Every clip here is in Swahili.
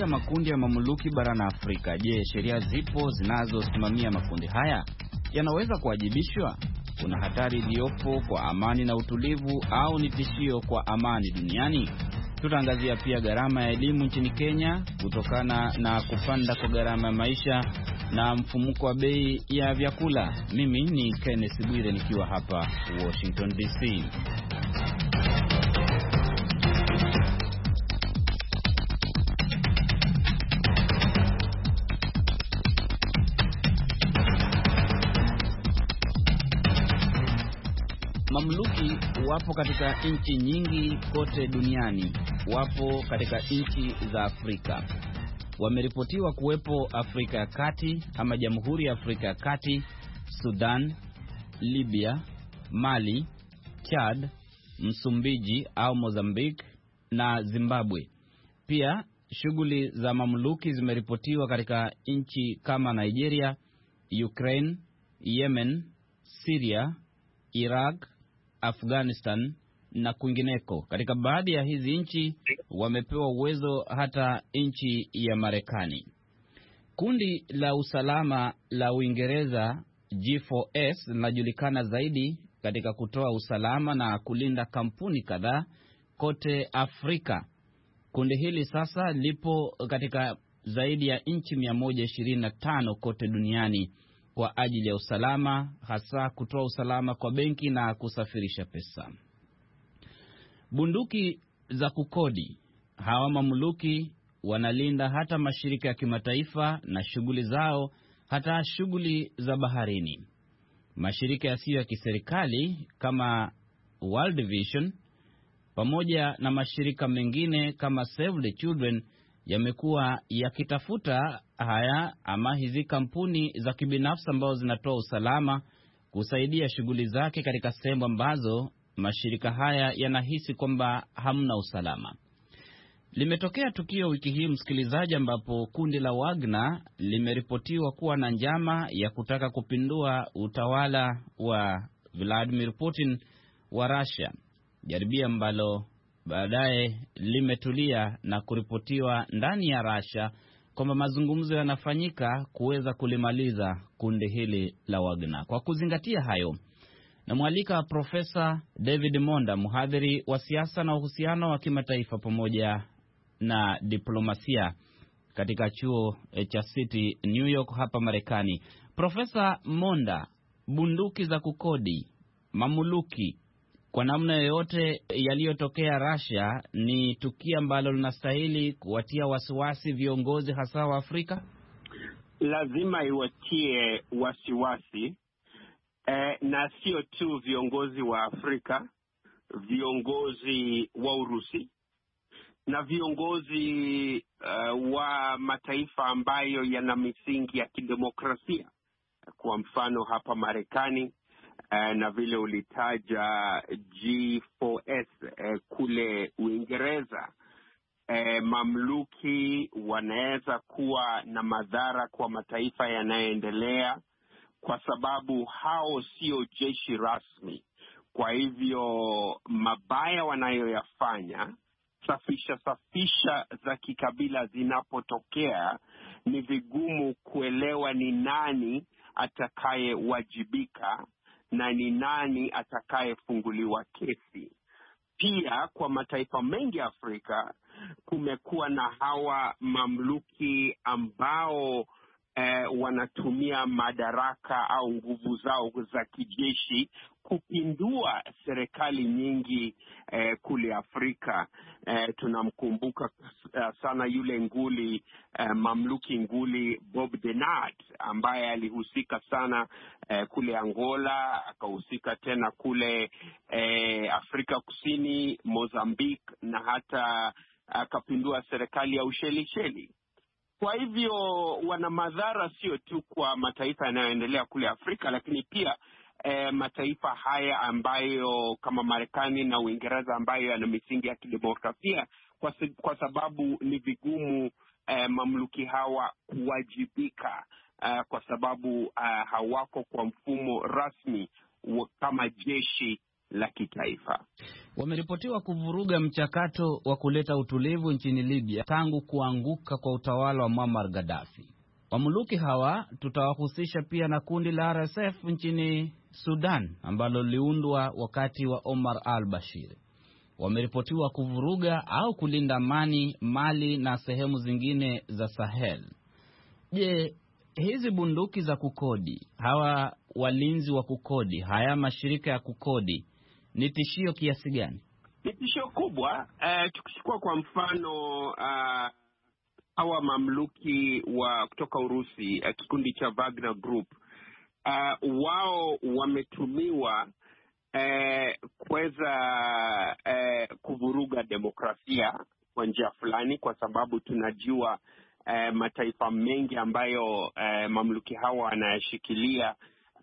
ya makundi ya mamuluki barani Afrika. Je, sheria zipo zinazosimamia makundi haya? Yanaweza kuwajibishwa? Kuna hatari iliyopo kwa amani na utulivu, au ni tishio kwa amani duniani? Tutaangazia pia gharama ya elimu nchini Kenya kutokana na kupanda kwa gharama ya maisha na mfumuko wa bei ya vyakula. Mimi ni Kenneth Bwire nikiwa hapa Washington DC. wapo katika nchi nyingi kote duniani, wapo katika nchi za Afrika. Wameripotiwa kuwepo Afrika ya Kati ama Jamhuri ya Afrika ya Kati, Sudan, Libya, Mali, Chad, Msumbiji au Mozambique na Zimbabwe. Pia shughuli za mamluki zimeripotiwa katika nchi kama Nigeria, Ukraine, Yemen, Syria, Iraq Afghanistan na kwingineko. Katika baadhi ya hizi nchi wamepewa uwezo hata nchi ya Marekani. Kundi la usalama la Uingereza G4S linajulikana zaidi katika kutoa usalama na kulinda kampuni kadhaa kote Afrika. Kundi hili sasa lipo katika zaidi ya nchi 125 kote duniani kwa ajili ya usalama, hasa kutoa usalama kwa benki na kusafirisha pesa. Bunduki za kukodi. Hawa mamluki wanalinda hata mashirika ya kimataifa na shughuli zao, hata shughuli za baharini. Mashirika yasiyo ya kiserikali kama World Vision pamoja na mashirika mengine kama Save the Children yamekuwa yakitafuta haya ama hizi kampuni za kibinafsi ambazo zinatoa usalama kusaidia shughuli zake katika sehemu ambazo mashirika haya yanahisi kwamba hamna usalama. Limetokea tukio wiki hii, msikilizaji, ambapo kundi la Wagner limeripotiwa kuwa na njama ya kutaka kupindua utawala wa Vladimir Putin wa Russia, jaribio ambalo baadaye limetulia na kuripotiwa ndani ya Rasha kwamba mazungumzo yanafanyika kuweza kulimaliza kundi hili la Wagner. Kwa kuzingatia hayo, namwalika Profesa David Monda, mhadhiri wa siasa na uhusiano wa kimataifa pamoja na diplomasia katika chuo cha City New York hapa Marekani. Profesa Monda, bunduki za kukodi, mamuluki kwa namna yoyote, yaliyotokea Russia ni tukio ambalo linastahili kuwatia wasiwasi viongozi hasa wa Afrika. Lazima iwatie wasiwasi eh, na sio tu viongozi wa Afrika, viongozi wa Urusi na viongozi uh, wa mataifa ambayo yana misingi ya kidemokrasia, kwa mfano hapa Marekani Eh, na vile ulitaja G4S eh, kule Uingereza. eh, mamluki wanaweza kuwa na madhara kwa mataifa yanayoendelea kwa sababu hao sio jeshi rasmi. Kwa hivyo mabaya wanayoyafanya, safisha safisha za kikabila zinapotokea, ni vigumu kuelewa ni nani atakayewajibika na ni nani atakayefunguliwa kesi. Pia kwa mataifa mengi ya Afrika kumekuwa na hawa mamluki ambao eh, wanatumia madaraka au nguvu zao za kijeshi kupindua serikali nyingi eh, kule Afrika. Eh, tunamkumbuka eh, sana yule nguli eh, mamluki nguli Bob Denard ambaye alihusika sana eh, kule Angola, akahusika tena kule eh, Afrika Kusini, Mozambique na hata akapindua serikali ya Ushelisheli. Kwa hivyo wana madhara sio tu kwa mataifa yanayoendelea kule Afrika, lakini pia E, mataifa haya ambayo kama Marekani na Uingereza ambayo yana misingi ya kidemokrasia kwa, kwa sababu ni vigumu e, mamluki hawa kuwajibika e, kwa sababu e, hawako kwa mfumo rasmi kama jeshi la kitaifa. Wameripotiwa kuvuruga mchakato wa kuleta utulivu nchini Libya tangu kuanguka kwa utawala wa Muammar Gaddafi. Wamuluki hawa tutawahusisha pia na kundi la RSF nchini Sudan ambalo liliundwa wakati wa Omar al-Bashir. Wameripotiwa kuvuruga au kulinda amani Mali na sehemu zingine za Sahel. Je, hizi bunduki za kukodi, hawa walinzi wa kukodi, haya mashirika ya kukodi ni tishio kiasi gani? Ni tishio kubwa. Uh, eh, tukichukua kwa mfano uh, hawa mamluki wa kutoka Urusi uh, kikundi cha Wagner Group uh, wao wametumiwa uh, kuweza uh, kuvuruga demokrasia kwa njia fulani, kwa sababu tunajua uh, mataifa mengi ambayo uh, mamluki hawa wanayashikilia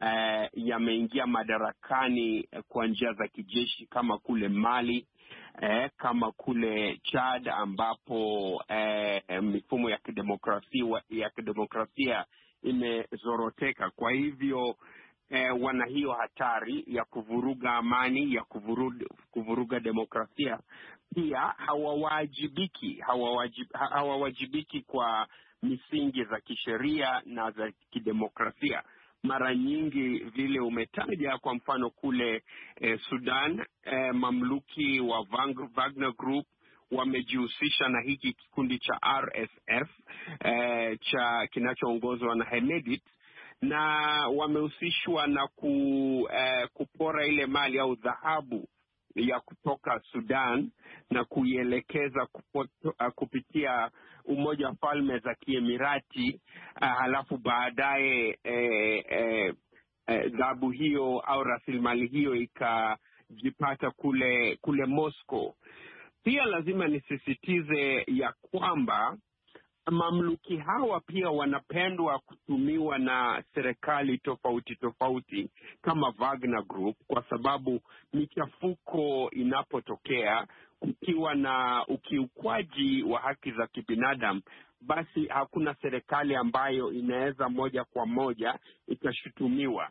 eh, yameingia madarakani eh, kwa njia za kijeshi kama kule Mali eh, kama kule Chad ambapo eh, mifumo ya kidemokrasia ya kidemokrasia imezoroteka. Kwa hivyo eh, wana hiyo hatari ya kuvuruga amani, ya kuvuruga, kuvuruga demokrasia. Pia hawawajibiki hawawajib, hawawajibiki kwa misingi za kisheria na za kidemokrasia mara nyingi vile umetaja, kwa mfano kule eh, Sudan eh, mamluki wa Wagner Group wamejihusisha na hiki kikundi cha RSF eh, cha kinachoongozwa na Hemedit na wamehusishwa na ku, eh, kupora ile mali au dhahabu ya kutoka Sudan na kuielekeza ah, kupitia Umoja wa Falme za Kiemirati uh, halafu baadaye dhahabu eh, eh, eh, dhahabu hiyo au rasilimali hiyo ikajipata kule kule Moscow. Pia lazima nisisitize ya kwamba mamluki hawa pia wanapendwa kutumiwa na serikali tofauti tofauti kama Wagner Group, kwa sababu michafuko inapotokea, kukiwa na ukiukwaji wa haki za kibinadamu, basi hakuna serikali ambayo inaweza moja kwa moja ikashutumiwa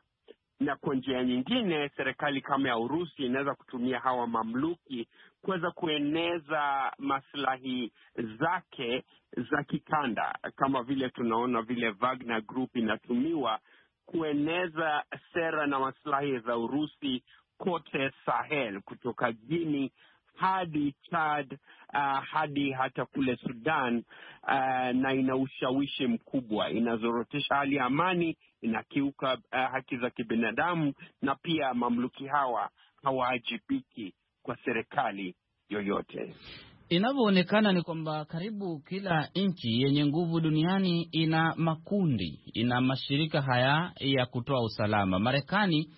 na kwa njia nyingine, serikali kama ya Urusi inaweza kutumia hawa mamluki kuweza kueneza maslahi zake za kikanda, kama vile tunaona vile Wagner Group inatumiwa kueneza sera na maslahi za Urusi kote Sahel, kutoka Guinea hadi Chad uh, hadi hata kule Sudan uh, na ina ushawishi mkubwa, inazorotesha hali ya amani, inakiuka uh, haki za kibinadamu, na pia mamluki hawa hawaajibiki kwa serikali yoyote. Inavyoonekana ni kwamba karibu kila nchi yenye nguvu duniani ina makundi, ina mashirika haya ya kutoa usalama. Marekani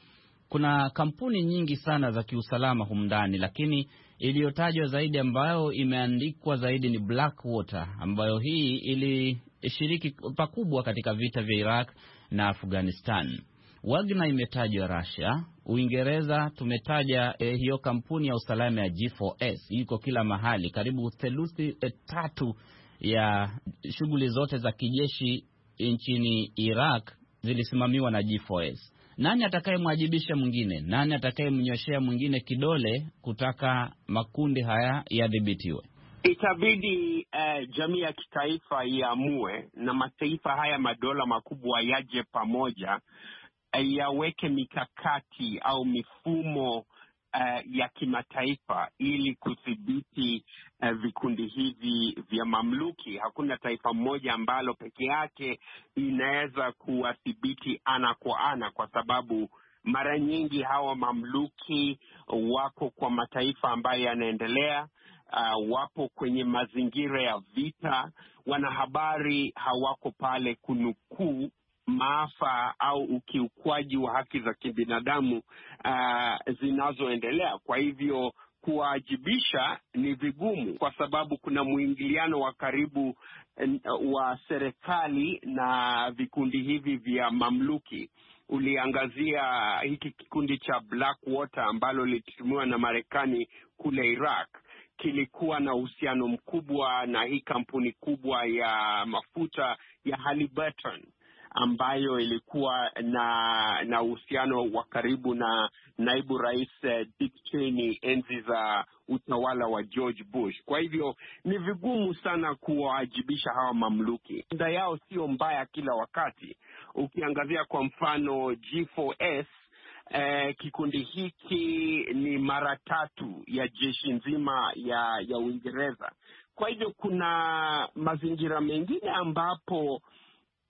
kuna kampuni nyingi sana za kiusalama humu ndani, lakini Iliyotajwa zaidi ambayo imeandikwa zaidi ni Blackwater, ambayo hii ilishiriki pakubwa katika vita vya Iraq na Afghanistan. Wagner imetajwa Russia, Uingereza tumetaja eh, hiyo kampuni ya usalama ya G4S iko kila mahali, karibu theluthi eh, tatu ya shughuli zote za kijeshi nchini Iraq zilisimamiwa na G4S. Nani atakayemwajibisha mwingine? Nani atakayemnyoshea mwingine kidole kutaka makundi haya yadhibitiwe? Itabidi eh, jamii ya kitaifa iamue, na mataifa haya madola makubwa yaje pamoja, eh, yaweke mikakati au mifumo uh, ya kimataifa ili kudhibiti uh, vikundi hivi vya mamluki. Hakuna taifa moja ambalo peke yake inaweza kuwadhibiti ana kwa ana, kwa sababu mara nyingi hawa mamluki wako kwa mataifa ambayo yanaendelea. Uh, wapo kwenye mazingira ya vita. Wanahabari hawako pale kunukuu maafa au ukiukwaji wa haki za kibinadamu uh, zinazoendelea. Kwa hivyo kuwaajibisha ni vigumu, kwa sababu kuna mwingiliano wa karibu wa serikali na vikundi hivi vya mamluki. Uliangazia hiki kikundi cha Blackwater ambalo lilitumiwa na Marekani kule Iraq kilikuwa na uhusiano mkubwa na hii kampuni kubwa ya mafuta ya Halliburton ambayo ilikuwa na na uhusiano wa karibu na naibu rais eh, Dick Cheney enzi za utawala wa George Bush. Kwa hivyo ni vigumu sana kuwawajibisha hawa mamluki. da yao sio mbaya kila wakati. Ukiangazia kwa mfano G4S, eh, kikundi hiki ni mara tatu ya jeshi nzima ya ya Uingereza. Kwa hivyo kuna mazingira mengine ambapo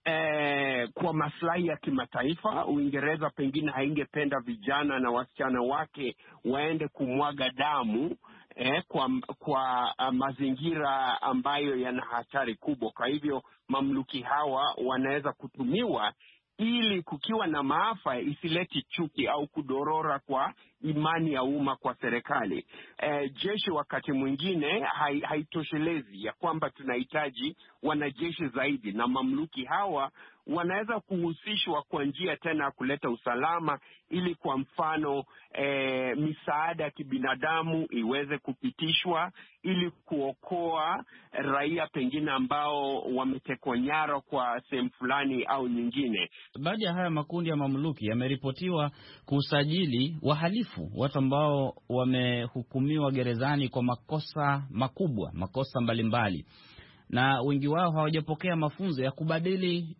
eh, kwa maslahi ya kimataifa. Uingereza pengine haingependa vijana na wasichana wake waende kumwaga damu eh, kwa, kwa ah, mazingira ambayo yana hatari kubwa. Kwa hivyo mamluki hawa wanaweza kutumiwa ili kukiwa na maafa isileti chuki au kudorora kwa imani ya umma kwa serikali. E, jeshi wakati mwingine haitoshelezi hai ya kwamba tunahitaji wanajeshi zaidi, na mamluki hawa wanaweza kuhusishwa kwa njia tena ya kuleta usalama, ili kwa mfano e, misaada ya kibinadamu iweze kupitishwa ili kuokoa raia pengine ambao wametekwa nyara kwa sehemu fulani au nyingine. Baadhi ya haya makundi ya mamluki yameripotiwa kusajili wahalifu, watu ambao wamehukumiwa gerezani kwa makosa makubwa, makosa mbalimbali mbali. Na wengi wao hawajapokea mafunzo ya kubadili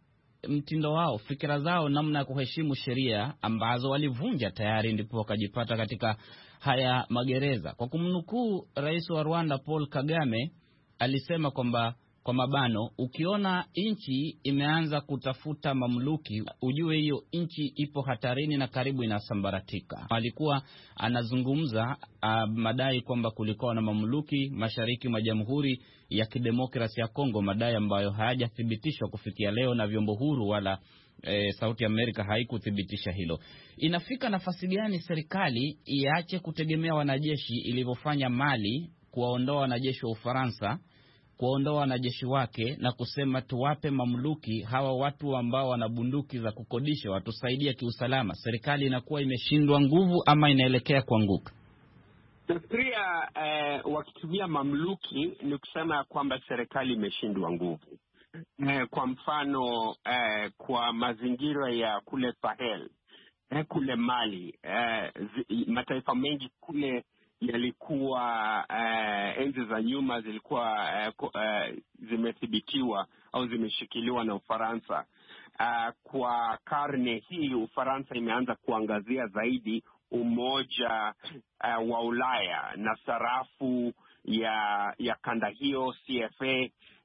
mtindo wao, fikira zao, namna ya kuheshimu sheria ambazo walivunja tayari, ndipo wakajipata katika haya magereza. Kwa kumnukuu rais wa Rwanda Paul Kagame, alisema kwamba kwa mabano, ukiona nchi imeanza kutafuta mamluki, ujue hiyo nchi ipo hatarini na karibu inasambaratika. Alikuwa anazungumza uh, madai kwamba kulikuwa na mamluki mashariki mwa Jamhuri ya Kidemokrasi ya Kongo, madai ambayo hayajathibitishwa kufikia leo na vyombo huru wala E, Sauti Amerika haikuthibitisha hilo. Inafika nafasi gani serikali iache kutegemea wanajeshi ilivyofanya Mali kuwaondoa wanajeshi wa Ufaransa kuwaondoa wanajeshi wake na kusema tuwape mamluki hawa watu ambao wana bunduki za kukodisha watusaidia kiusalama, serikali inakuwa imeshindwa nguvu ama inaelekea kuanguka? Nafikiria eh, wakitumia mamluki ni kusema ya kwamba serikali imeshindwa nguvu. Eh, kwa mfano eh, kwa mazingira ya kule Sahel eh, kule Mali eh, zi, mataifa mengi kule yalikuwa uh, enzi za nyuma zilikuwa uh, uh, zimethibitiwa au zimeshikiliwa na Ufaransa. Uh, kwa karne hii Ufaransa imeanza kuangazia zaidi umoja uh, wa Ulaya na sarafu ya ya kanda hiyo CFA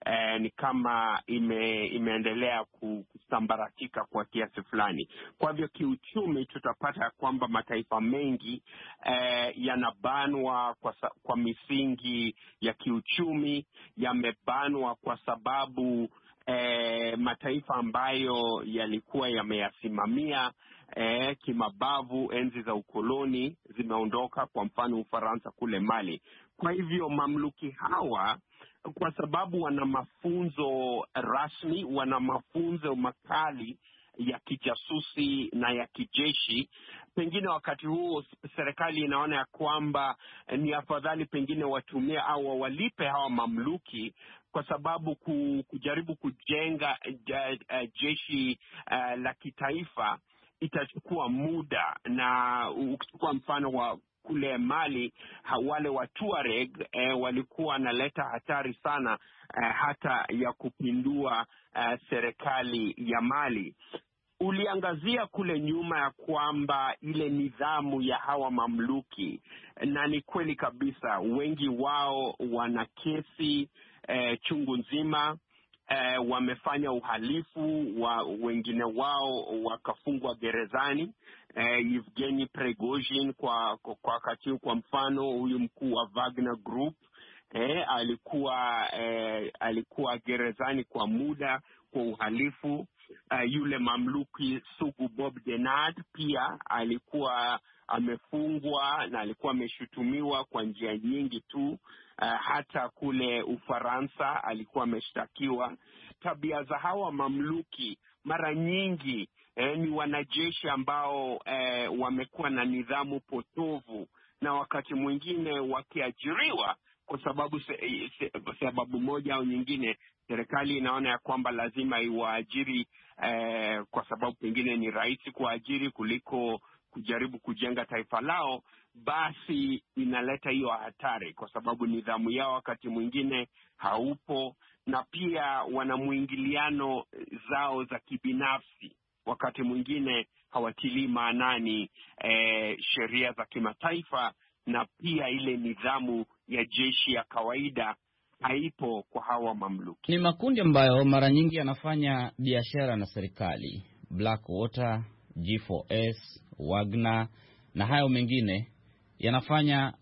eh, ni kama ime, imeendelea kusambaratika kwa kiasi fulani. Kwa hivyo kiuchumi, tutapata kwamba mataifa mengi eh, yanabanwa kwa, kwa misingi ya kiuchumi, yamebanwa kwa sababu eh, mataifa ambayo yalikuwa yameyasimamia eh, kimabavu enzi za ukoloni zimeondoka, kwa mfano Ufaransa kule Mali. Kwa hivyo mamluki hawa kwa sababu wana mafunzo rasmi, wana mafunzo makali ya kijasusi na ya kijeshi. Pengine wakati huo serikali inaona ya kwamba ni afadhali pengine watumie au wawalipe hawa mamluki, kwa sababu kujaribu kujenga eh, jeshi eh, la kitaifa itachukua muda, na ukichukua mfano wa kule Mali wale wa Tuareg eh, walikuwa wanaleta hatari sana eh, hata ya kupindua eh, serikali ya Mali. Uliangazia kule nyuma ya kwamba ile nidhamu ya hawa mamluki, na ni kweli kabisa, wengi wao wana kesi eh, chungu nzima eh, wamefanya uhalifu wa wengine wao wakafungwa gerezani. Eh, Evgeny Prigozhin kwa kwa wakati huu, kwa mfano, huyu mkuu wa Wagner Group eh, alikuwa eh, alikuwa gerezani kwa muda kwa uhalifu uh, yule mamluki sugu Bob Denard pia alikuwa amefungwa na alikuwa ameshutumiwa kwa njia nyingi tu. Uh, hata kule Ufaransa alikuwa ameshtakiwa. Tabia za hawa mamluki mara nyingi eh, ni wanajeshi ambao eh, wamekuwa na nidhamu potovu na wakati mwingine wakiajiriwa kwa sababu sababu moja au nyingine serikali inaona ya kwamba lazima iwaajiri eh, kwa sababu pengine ni rahisi kuwaajiri kuliko kujaribu kujenga taifa lao, basi inaleta hiyo hatari, kwa sababu nidhamu yao wakati mwingine haupo, na pia wana mwingiliano zao za kibinafsi, wakati mwingine hawatilii maanani eh, sheria za kimataifa na pia ile nidhamu ya jeshi ya kawaida haipo kwa hawa mamluki. Ni makundi ambayo mara nyingi yanafanya biashara na serikali, Blackwater, G4S, Wagner na hayo mengine yanafanya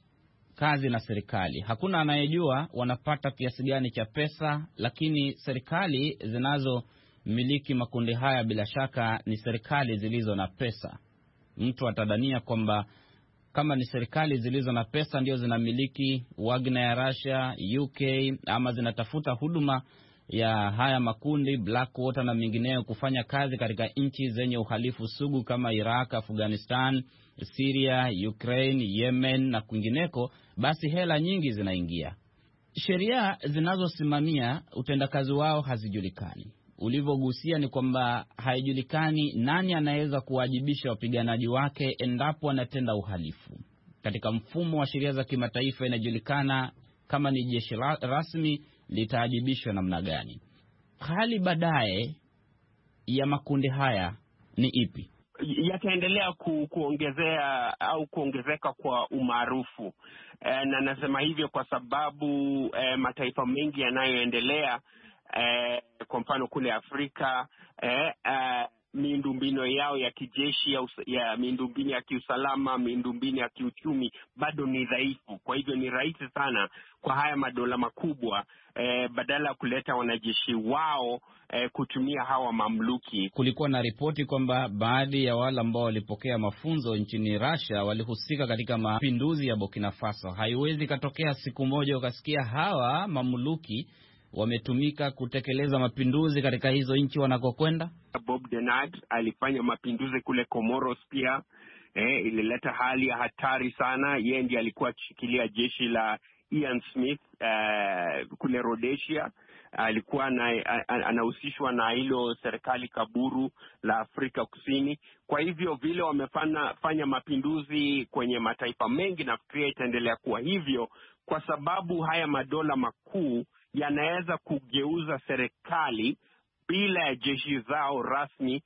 kazi na serikali. Hakuna anayejua wanapata kiasi gani cha pesa, lakini serikali zinazomiliki makundi haya bila shaka ni serikali zilizo na pesa. Mtu atadania kwamba kama ni serikali zilizo na pesa ndio zinamiliki Wagner ya Russia, UK ama zinatafuta huduma ya haya makundi Blackwater na mengineyo kufanya kazi katika nchi zenye uhalifu sugu kama Iraq, Afghanistan, Siria, Ukraine, Yemen na kwingineko, basi hela nyingi zinaingia. Sheria zinazosimamia utendakazi wao hazijulikani ulivyogusia ni kwamba haijulikani nani anaweza kuwajibisha wapiganaji wake endapo anatenda uhalifu. Katika mfumo wa sheria za kimataifa inajulikana kama ni jeshi rasmi litaajibishwa namna gani. Hali baadaye ya makundi haya ni ipi? Yataendelea ku, kuongezea au kuongezeka kwa umaarufu e, na nasema hivyo kwa sababu e, mataifa mengi yanayoendelea eh, kwa mfano kule Afrika eh, eh, miundombinu yao ya kijeshi ya, ya miundombinu ya kiusalama, miundombinu ya kiuchumi bado ni dhaifu. Kwa hivyo ni rahisi sana kwa haya madola makubwa eh, badala ya kuleta wanajeshi wao eh, kutumia hawa mamluki. Kulikuwa na ripoti kwamba baadhi ya wale ambao walipokea mafunzo nchini Russia walihusika katika mapinduzi ya Burkina Faso. Haiwezi ikatokea siku moja ukasikia hawa mamluki wametumika kutekeleza mapinduzi katika hizo nchi wanakokwenda? Bob Denard alifanya mapinduzi kule Comoros pia eh, ilileta hali ya hatari sana. Yeye ndiye alikuwa akishikilia jeshi la Ian Smith eh, kule Rhodesia alikuwa anahusishwa na hilo serikali kaburu la Afrika Kusini. Kwa hivyo vile wamefanya mapinduzi kwenye mataifa mengi, nafikiria itaendelea kuwa hivyo, kwa sababu haya madola makuu yanaweza kugeuza serikali bila ya jeshi zao rasmi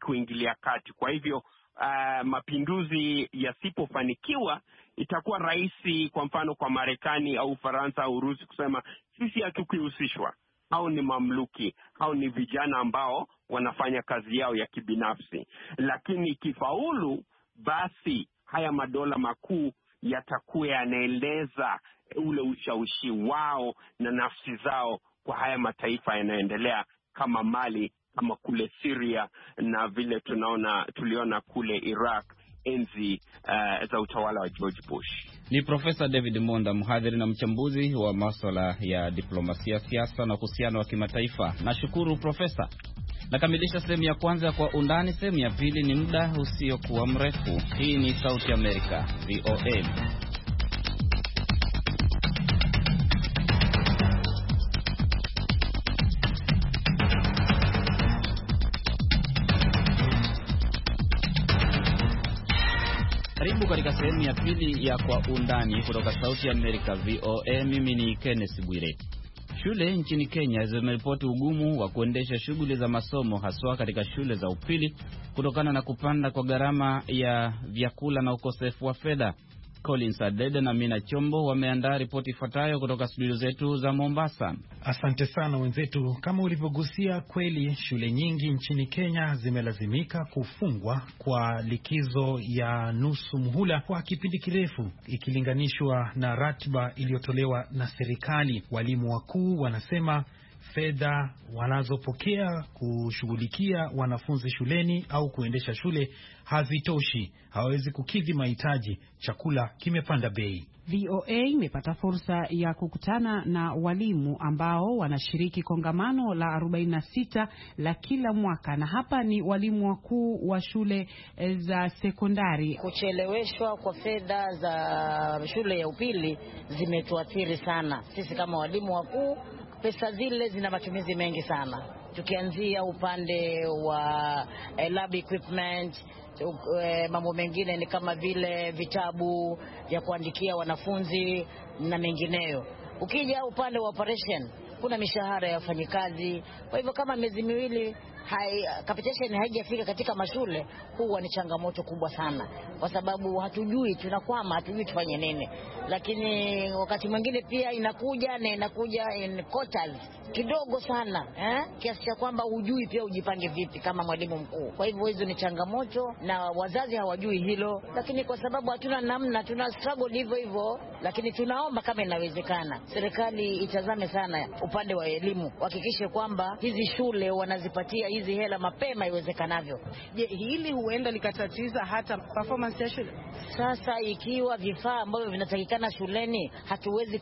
kuingilia kati. Kwa hivyo uh, mapinduzi yasipofanikiwa, itakuwa rahisi, kwa mfano, kwa Marekani au Ufaransa au Urusi kusema sisi hatukihusishwa, au ni mamluki, au ni vijana ambao wanafanya kazi yao ya kibinafsi. Lakini ikifaulu, basi haya madola makuu yatakuwa yanaeleza ule ushawishi wao na nafsi zao kwa haya mataifa yanayoendelea kama Mali, kama kule Syria na vile tunaona tuliona kule Iraq enzi uh, za utawala wa George Bush. Ni Profesa David Monda, mhadhiri na mchambuzi wa maswala ya diplomasia, siasa na uhusiano wa kimataifa. Nashukuru Profesa. Nakamilisha sehemu ya kwanza ya kwa undani. Sehemu ya pili ni muda usiokuwa mrefu. Hii ni Sauti Amerika, VOA. sehemu ya pili ya Kwa Undani kutoka Sauti ya Amerika, VOA. Mimi ni kennes Bwire. Shule nchini Kenya zimeripoti ugumu wa kuendesha shughuli za masomo haswa katika shule za upili kutokana na kupanda kwa gharama ya vyakula na ukosefu wa fedha. Collins Adede na Mina Chombo wameandaa ripoti ifuatayo kutoka studio zetu za Mombasa. Asante sana wenzetu. Kama ulivyogusia, kweli shule nyingi nchini Kenya zimelazimika kufungwa kwa likizo ya nusu muhula kwa kipindi kirefu ikilinganishwa na ratiba iliyotolewa na serikali. Walimu wakuu wanasema fedha wanazopokea kushughulikia wanafunzi shuleni au kuendesha shule hazitoshi, hawawezi kukidhi mahitaji. Chakula kimepanda bei. VOA imepata fursa ya kukutana na walimu ambao wanashiriki kongamano la 46 la kila mwaka, na hapa ni walimu wakuu wa shule eh, za sekondari. Kucheleweshwa kwa fedha za shule ya upili zimetuathiri sana sisi kama walimu wakuu pesa zile zina matumizi mengi sana, tukianzia upande wa eh, lab equipment eh, mambo mengine ni kama vile vitabu vya kuandikia wanafunzi na mengineyo. Ukija upande wa operation kuna mishahara ya wafanyikazi. Kwa hivyo kama miezi miwili hai, uh, capitation haijafika katika mashule, huwa ni changamoto kubwa sana, kwa sababu hatujui, tunakwama, hatujui tufanye nini. Lakini wakati mwingine pia inakuja na inakuja in quarters kidogo sana eh, kiasi cha kwamba hujui pia ujipange vipi kama mwalimu mkuu. Kwa hivyo hizo ni changamoto na wazazi hawajui hilo, lakini kwa sababu hatuna namna, tuna struggle hivyo hivyo, lakini tunaomba kama inawezekana, serikali itazame sana upande wa elimu, hakikishe kwamba hizi shule wanazipatia hizi hela mapema iwezekanavyo. Je, hili huenda likatatiza hata performance ya shule? Sasa ikiwa vifaa ambavyo vinatakikana shuleni hatuwezi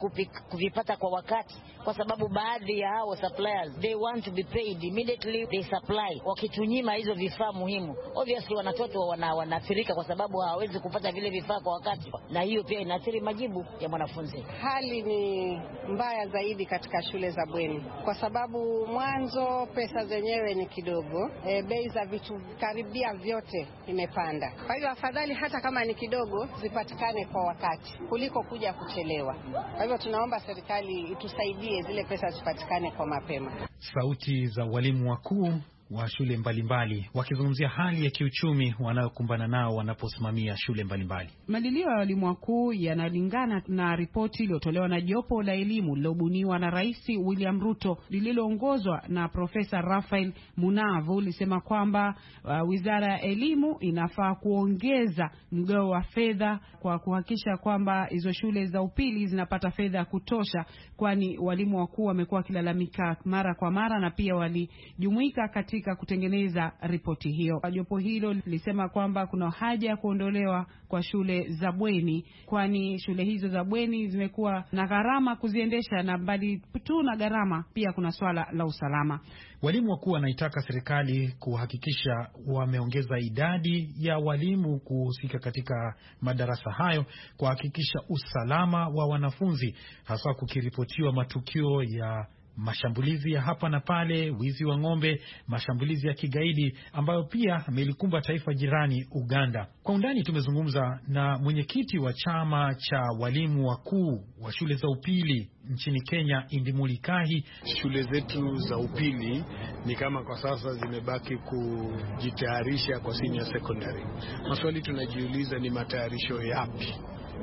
kuvipata kwa wakati, kwa sababu baadhi ya hao suppliers they want to be paid immediately they supply. Wakitunyima hizo vifaa muhimu, obviously wanatoto wana, wanaathirika kwa sababu hawawezi kupata vile vifaa kwa wakati, na hiyo pia inaathiri majibu ya mwanafunzi. Hali ni mbaya zaidi katika shule za bweni, kwa sababu mwanzo pesa zenyewe ni kidogo. E, bei za vitu karibia vyote imepanda, kwa hiyo afadhali hata kama ni kidogo zipatikane kwa wakati kuliko kuja kuchelewa. Kwa hivyo tunaomba serikali itusaidie zile pesa zipatikane kwa mapema. Sauti za walimu wakuu wa shule mbalimbali wakizungumzia hali ya kiuchumi wanayokumbana nao wanaposimamia shule mbalimbali. Malilio ya walimu wakuu yanalingana na ripoti iliyotolewa na jopo la elimu lilobuniwa na Rais William Ruto lililoongozwa na Profesa Rafael Munavu lisema kwamba uh, wizara ya elimu inafaa kuongeza mgao wa fedha kwa kuhakikisha kwamba hizo shule za upili zinapata fedha ya kutosha, kwani walimu wakuu wamekuwa wakilalamika mara kwa mara na pia walijumuika kati katika kutengeneza ripoti hiyo. Jopo hilo lilisema kwamba kuna haja ya kuondolewa kwa shule za bweni, kwani shule hizo za bweni zimekuwa na gharama kuziendesha, na mbali tu na gharama, pia kuna swala la usalama. Walimu wakuu wanaitaka serikali kuhakikisha wameongeza idadi ya walimu kuhusika katika madarasa hayo, kuhakikisha usalama wa wanafunzi, hasa kukiripotiwa matukio ya mashambulizi ya hapa na pale, wizi wa ng'ombe, mashambulizi ya kigaidi ambayo pia amelikumba taifa jirani Uganda. Kwa undani tumezungumza na mwenyekiti wa chama cha walimu wakuu wa shule za upili nchini Kenya, Indimulikahi. Shule zetu za upili ni kama kwa sasa zimebaki kujitayarisha kwa senior secondary. Maswali tunajiuliza ni matayarisho yapi?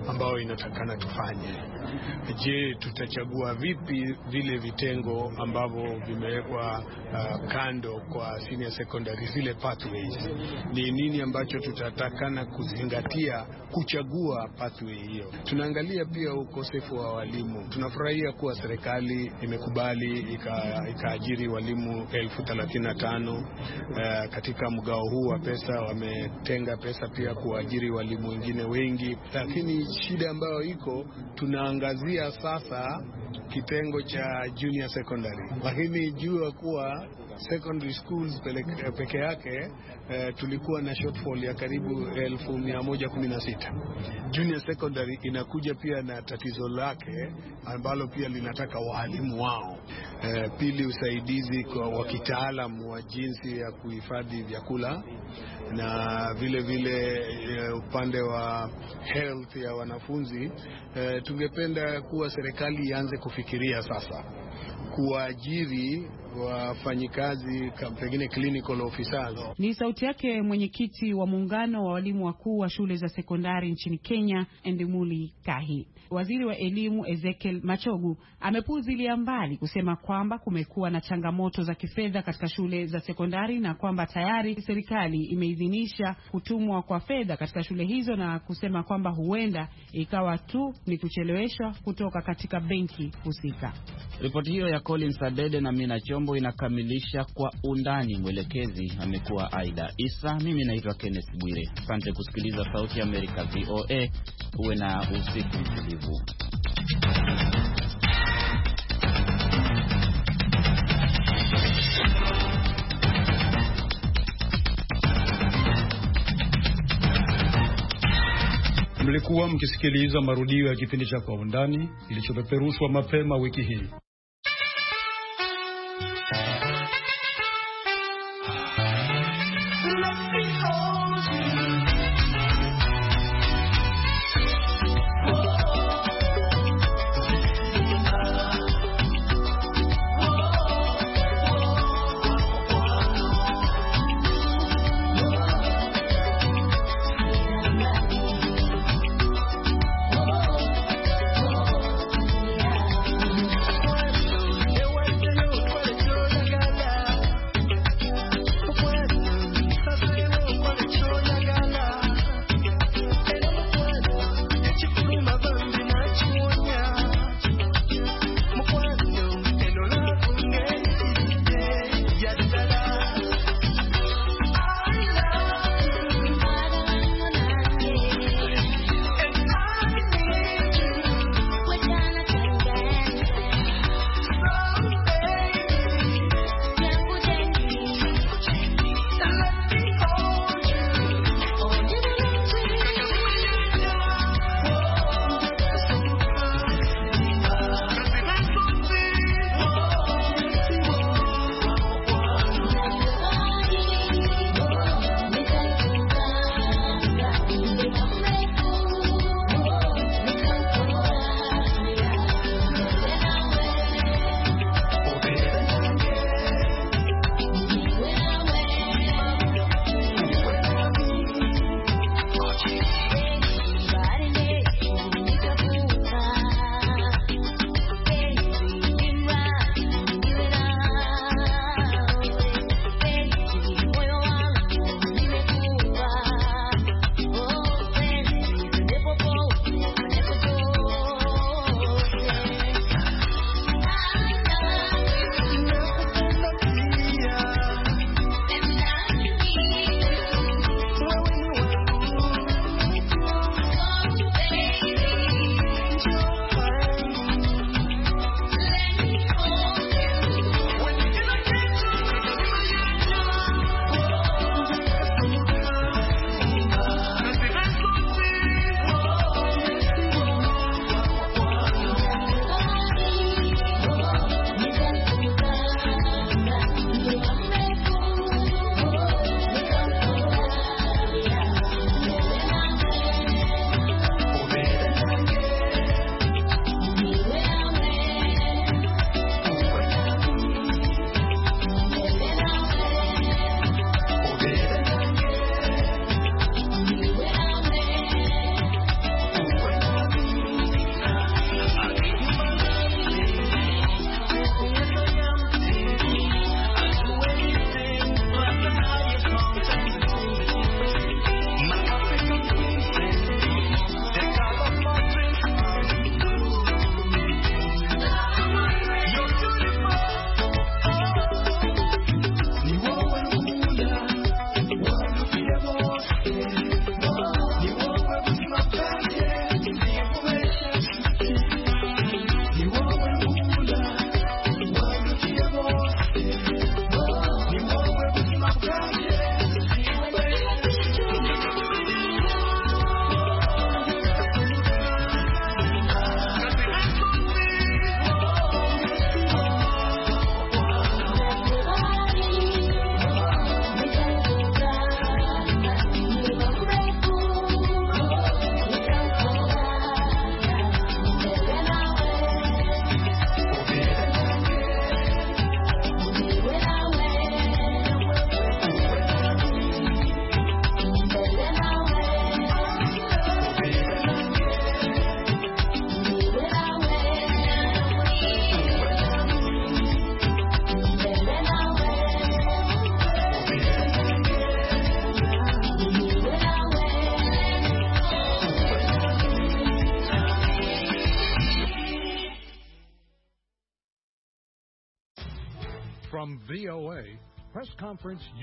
ambayo inatakana tufanye. Je, tutachagua vipi vile vitengo ambavyo vimewekwa uh, kando kwa senior secondary, zile pathways? Ni nini ambacho tutatakana kuzingatia kuchagua pathway hiyo? Tunaangalia pia ukosefu wa walimu. Tunafurahia kuwa serikali imekubali ikaajiri ika walimu elfu thelathini na tano uh, katika mgao huu wa pesa wametenga pesa pia kuajiri walimu wengine wengi, lakini shida ambayo iko, tunaangazia sasa kitengo cha junior secondary, lakini jua kuwa secondary schools eh, peke yake eh, tulikuwa na shortfall ya karibu elfu 116. Junior secondary inakuja pia na tatizo lake ambalo pia linataka waalimu wao. Eh, pili, usaidizi wa kitaalam wa jinsi ya kuhifadhi vyakula na vile vile eh, upande wa health ya wanafunzi eh, tungependa kuwa serikali ianze kufikiria sasa kuwaajiri wafanyikazi pengine clinical officers. Ni sauti yake mwenyekiti wa muungano wa walimu wakuu wa shule za sekondari nchini Kenya, Endimuli Kahi. Waziri wa elimu Ezekiel Machogu amepuuzilia mbali kusema kwamba kumekuwa na changamoto za kifedha katika shule za sekondari na kwamba tayari serikali imeidhinisha kutumwa kwa fedha katika shule hizo na kusema kwamba huenda ikawa tu ni kucheleweshwa kutoka katika benki husika. Ripoti hiyo ya Collins Adede na Mina Choma Mitambo inakamilisha kwa undani. Mwelekezi amekuwa Aida Isa. Mimi naitwa Kenneth Bwire. Asante kusikiliza Sauti ya Amerika, VOA. Uwe na usiku mtulivu. Mlikuwa mkisikiliza marudio ya kipindi cha Kwa Undani kilichopeperushwa mapema wiki hii. あ Conference